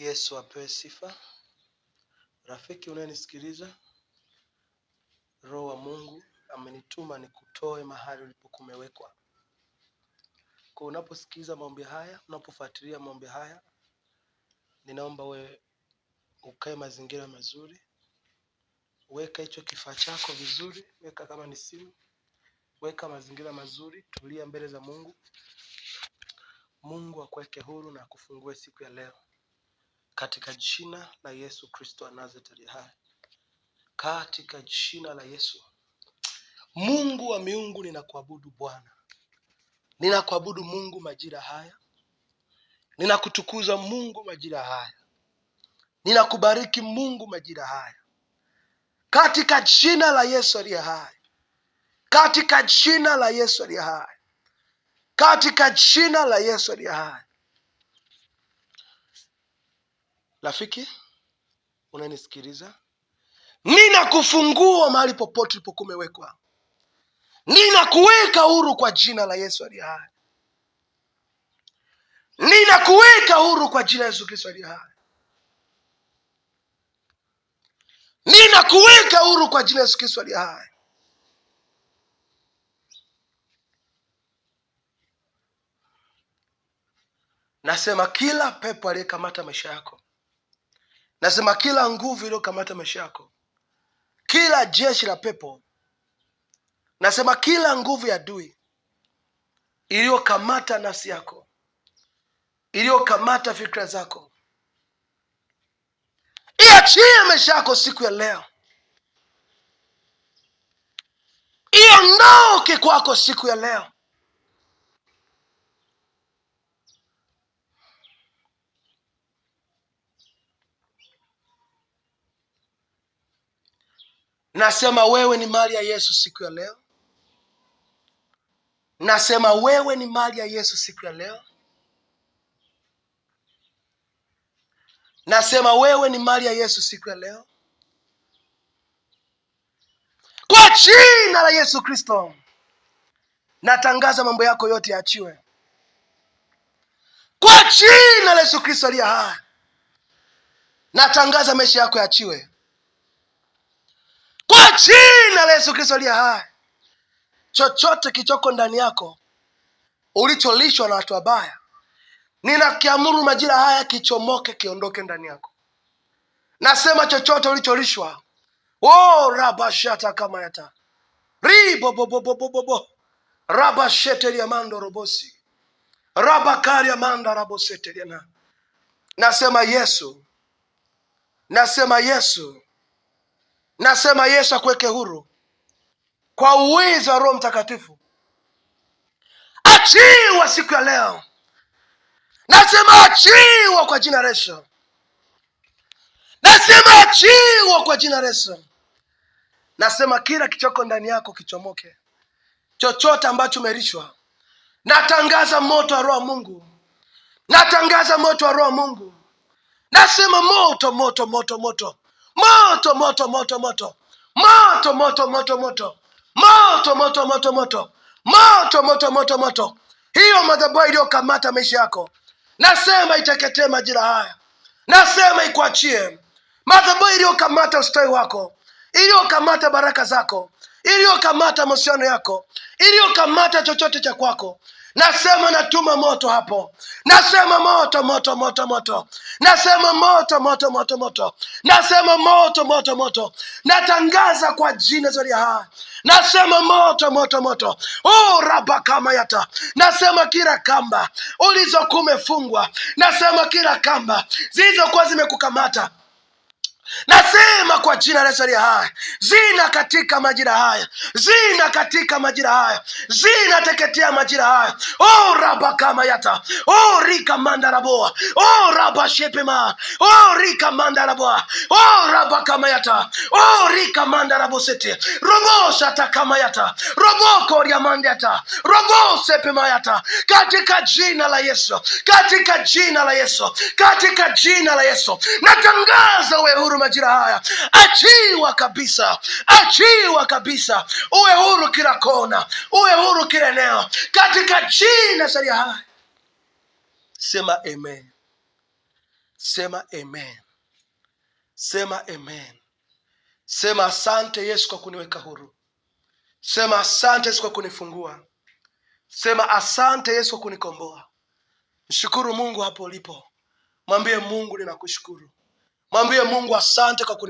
Yesu apewe sifa. Rafiki unayenisikiliza, Roho wa Mungu amenituma nikutoe mahali kumewekwa Kwa unaposikiliza maombi haya, unapofuatilia maombi haya, ninaomba we ukae mazingira mazuri, weka hicho kifaa chako vizuri, weka kama ni simu, weka mazingira mazuri, tulia mbele za Mungu. Mungu akuweke huru na akufungue siku ya leo katika jina la Yesu Kristo wa Nazareti hai, katika jina la Yesu. Mungu wa miungu, ninakuabudu Bwana, ninakuabudu Mungu majira haya, ninakutukuza Mungu majira haya, ninakubariki Mungu majira haya, katika jina la Yesu aliye hai, katika jina la Yesu aliye hai, katika jina la Yesu aliye hai Rafiki unanisikiliza, nina kufungua mahali popote ulipokuwa umewekwa, nina kuweka huru kwa jina la Yesu aliye hai, nina kuweka huru kwa jina la Yesu Kristo aliye hai, nina kuweka huru kwa jina la Yesu Kristo aliye hai. Nasema kila pepo aliyekamata maisha yako nasema kila nguvu iliyokamata maisha yako, kila jeshi la pepo, nasema kila nguvu ya dui iliyokamata nafsi yako, iliyokamata fikra zako, iachie maisha yako siku ya leo, iondoke kwako siku ya leo. Nasema wewe ni mali ya Yesu siku ya leo. Nasema wewe ni mali ya Yesu siku ya leo. Nasema wewe ni mali ya Yesu siku ya leo, kwa jina la Yesu Kristo. Natangaza mambo yako yote yaachiwe kwa jina la Yesu Kristo aliye hai. Natangaza maisha yako yaachiwe kwa jina la Yesu Kristo aliye hai. Chochote kichoko ndani yako ulicholishwa na watu wabaya, ninakiamuru majira haya kichomoke, kiondoke ndani yako. Nasema chochote ulicholishwa oh, rabashata kama yata ribobobobobobo rabasheteliamando robosi rabakariamanda Nasema Yesu, nasema Yesu Nasema Yesu akuweke huru kwa uwezo wa Roho Mtakatifu, achiwa siku ya leo. Nasema achiwa kwa jina la Nasema achiwa kwa jina la Nasema kila kichoko ndani yako kichomoke, chochote ambacho umerishwa. Natangaza moto wa Roho Mungu, natangaza moto wa Roho Mungu. Nasema moto, moto, moto, moto moto moto moto moto moto moto moto moto moto moto moto moto moto moto moto moto. Hiyo madhabahu iliyokamata maisha yako, nasema iteketee majira haya, nasema ikuachie. Madhabahu iliyokamata ustawi wako, iliyokamata baraka zako, iliyokamata mahusiano yako, iliyokamata chochote cha kwako Nasema natuma moto hapo, nasema moto moto moto moto, nasema moto moto moto moto, nasema moto moto moto, natangaza kwa jina zuri ha, nasema moto moto moto, oh raba kama yata, nasema kila kamba ulizokuwa umefungwa, nasema kila kamba zilizokuwa zimekukamata Nasema kwa jina la sharia haya zina katika majira haya, zina katika majira haya, zinateketea majira haya. O raba kama yata o rika mandaraboa o raba shepema o rika mandaraboa o raba kama yata o rika mandarabosete robo shata kama yata robo koria mandata robo yata, katika jina la Yesu, katika jina la Yesu, katika jina la Yesu natangaza wewe huru majira haya. Achiwa kabisa, achiwa kabisa, uwe huru kila kona, uwe huru kila eneo, katika jina sharia haya. Sema amen, sema amen, sema amen. Sema asante Yesu kwa kuniweka huru. Sema asante Yesu kwa kunifungua. Sema asante Yesu kwa kunikomboa. Mshukuru Mungu hapo ulipo, mwambie Mungu, ninakushukuru mwambie Mungu asante kwa kuni